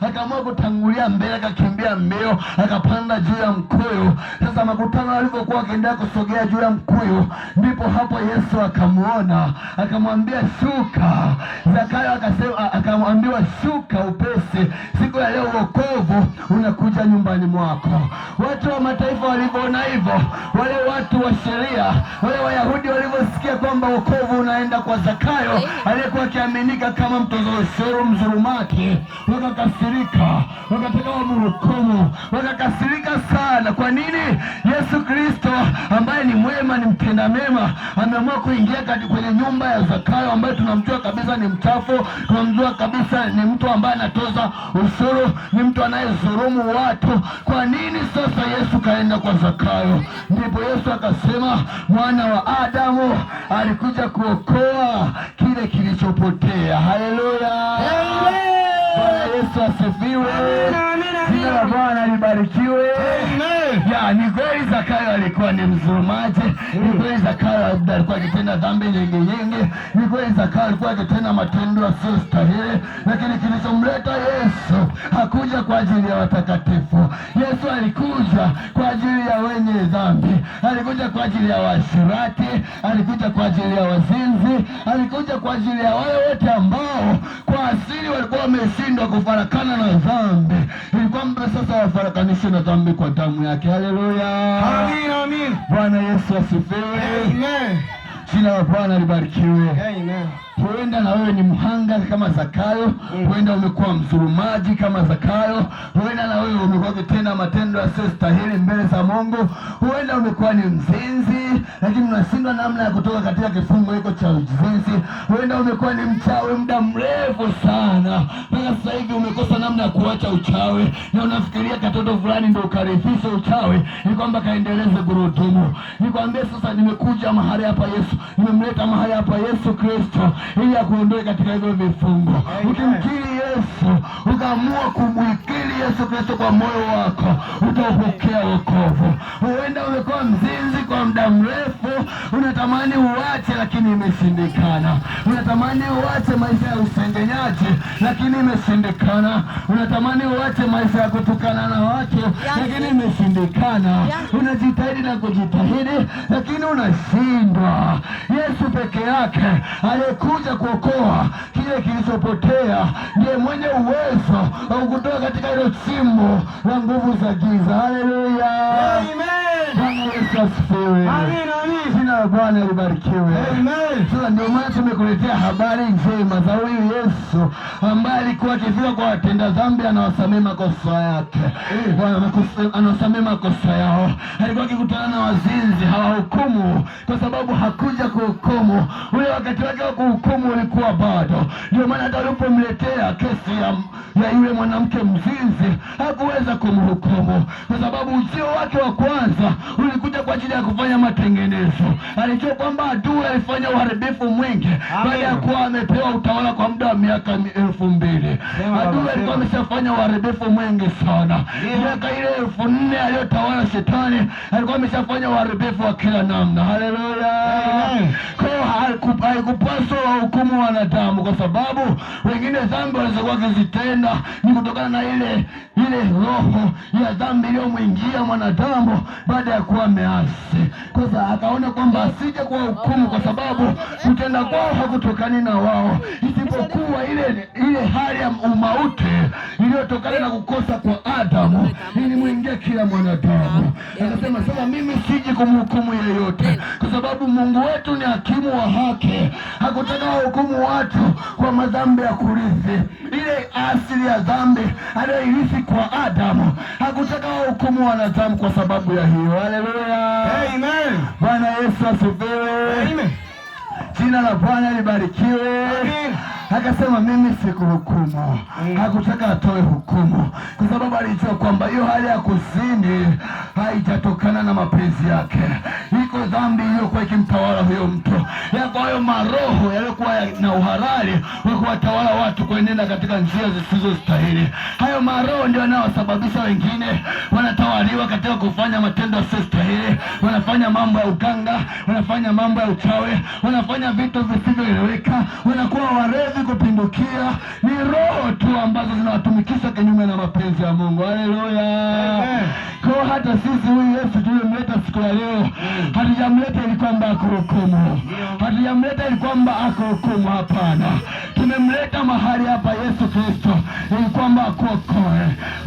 Akaamua kutangulia mbele, akakimbia mbio, akapanda juu ya mkuyu. Sasa makutano alivyokuwa akaendelea kusogea juu ya mkuyu, ndipo hapo Yesu akamuona, akamwambia shuka. Zakayo akasema, akamwambiwa shuka upesi, siku ya leo wokovu unakuja nyumbani mwako. Watu wa mataifa walivyoona hivyo, wale watu wa sheria, wale Wayahudi walivyo ya kwamba wokovu unaenda kwa Zakayo aliyekuwa akiaminika kama mtoza ushuru mzurumaki. Wakakasirika, wakataka wamhukumu, wakakasirika sana. Kwa nini Yesu na mema, ameamua kuingia kwenye nyumba ya Zakayo ambaye tunamjua kabisa ni mchafu, tunamjua kabisa ni mtu ambaye anatoza ushuru, ni mtu anayezurumu watu. Kwa nini sasa Yesu kaenda kwa Zakayo? Ndipo Yesu akasema mwana wa Adamu alikuja kuokoa kile kilichopotea. Haleluya! Bwana Yesu asifiwe, jina la Bwana libarikiwe. Ya, ni kweli Zakayo alikuwa ni mzulumaji, ni mm. kweli Zakayo alikuwa akitenda dhambi nyingi nyingi, ni kweli Zakayo alikuwa akitenda matendo yasiyo stahili, lakini kilichomleta Yesu hakuja kwa ajili ya watakatifu. Yesu alikuja kwa ajili ya wenye dhambi, alikuja kwa ajili ya waasherati, alikuja kwa ajili ya wazinzi, alikuja kwa ajili ya wale wote ambao wameshindwa kufarakana na dhambi, ili kwamba sasa wafarakanishe na dhambi kwa damu yake. Haleluya, amin, amin. Bwana Yesu asifiwe. Jina la Bwana libarikiwe. Amen. Huenda na wewe ni mhanga kama Zakayo, mm. huenda umekuwa mdhulumaji kama Zakayo, huenda na wewe umekuwa ukitenda matendo stahili mbele za Mungu, huenda umekuwa ni mzinzi, lakini unashindwa namna ya kutoka katika kifungo hiko cha uzinzi. Huenda umekuwa ni mchawi muda mrefu sana, mpaka sasa hivi umekosa namna ya kuacha uchawi, na unafikiria katoto fulani ndio ukarifisha uchawi, ni kwamba kaendeleze gurudumu. Nikwambie sasa, nimekuja mahali hapa Yesu imemleta mahali hapa Yesu Kristo ili akuondoe katika hivyo vifungo. Ukimkiri Yesu, ukaamua kumwikili Yesu Kristo kwa moyo wako, utaupokea wokovu. Huenda umekuwa mzinzi kwa muda mrefu unatamani uache, lakini imeshindikana. Unatamani uache maisha ya usengenyaji, lakini imeshindikana. Unatamani uache maisha ya kutukana na watu, lakini imeshindikana. Unajitahidi na kujitahidi, lakini unashindwa. Yesu peke yake aliyekuja kuokoa kile kilichopotea ndiye mwenye uwezo wa kutoa katika hilo shimo la nguvu za giza. Haleluya! Bwana Yesu asifiwe. Jina la Bwana libarikiwe. Amen. Sasa ndio maana tumekuletea habari njema za huyu Yesu ambaye alikuwa akifika kwa watenda dhambi, anawasamehe makosa yake, anawasamehe makosa yao. Alikuwa akikutana na wazinzi, hawahukumu kwa sababu hakuja kuhukumu. Huyo wakati wake wa kuhukumu ulikuwa bado. Ndio maana hata ulipomletea kesi ya, ya yule mwanamke mzinzi hakuweza kumhukumu kwa sababu ujio wake wa kwanza ulikuja kwa ajili ya kufanya matengenezo alijua kwamba adui alifanya uharibifu mwingi baada ya kuwa amepewa utawala kwa muda wa miaka elfu mbili. Adui alikuwa ameshafanya uharibifu mwingi sana. Miaka ile elfu nne aliyotawala shetani alikuwa ameshafanya uharibifu wa kila namna. Haleluya! haikupaswa wahukumu wanadamu, kwa sababu wengine dhambi walizokuwa wakizitenda ni kutokana na ile ile roho ya dhambi iliyomwingia mwanadamu baada ya kuwa measi kwaza akaona kwamba asije kwa hukumu, kwa sababu kutenda kwao hakutokani na wao, isipokuwa ile ile hali ya umauti iliyotokana na kukosa kwa Adamu ilimwingia kila mwanadamu. Anasema sema, mimi siji kumhukumu yeyote, kwa sababu Mungu wetu ni hakimu wa haki. Hakutaka wahukumu watu kwa madhambi ya kurithi, ile asili ya dhambi aliyoirithi kwa Adamu. Hakutaka wahukumu wanadamu kwa sababu ya hiyo. Haleluya, amen. Bwana Yesu asifiwe. Jina la Bwana libarikiwe, amen akasema mimi sikuhukumu. Eh. Hakutaka atoe hukumu, kwa sababu alijua kwamba hiyo hali ya kuzini haijatokana na mapenzi yake, iko dhambi iliyokuwa ikimtawala huyo mtu, yako hayo maroho yaliyokuwa na uhalali wa kuwatawala watu kuenenda katika njia zisizostahili. Hayo maroho ndio yanayosababisha wengine wanatawaliwa katika kufanya matendo yasiyostahili, wanafanya mambo ya uganga, wanafanya mambo ya uchawi, wanafanya vitu visivyoeleweka, wanakuwa warevi si kupindukia, ni roho tu ambazo zinawatumikisha kinyume na mapenzi ya Mungu. Haleluya! Kwa hata sisi huyu Yesu tuliyemleta siku ya leo, hatujamleta ili kwamba akuhukumu, hatujamleta ili kwamba akuhukumu. Hapana, tumemleta mahali hapa Yesu Kristo ili kwamba akuokoe.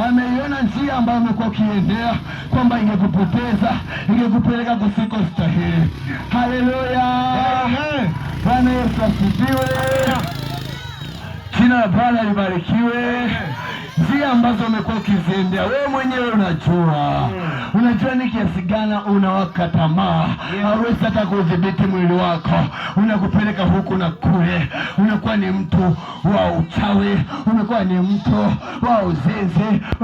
Ameiona njia ambayo umekuwa ukiendea kwamba ingekupoteza, ingekupeleka kusiko stahili. Haleluya! Bwana Yesu asifiwe. Jina la Bwana libarikiwe. Njia ambazo umekuwa ukiziendea wewe mwenyewe unajua, unajua ni kiasi gani unawaka tamaa, hauwezi hata kudhibiti mwili wako, unakupeleka huku na kule, unakuwa ni mtu wa uchawi, unakuwa ni mtu wa uzinzi.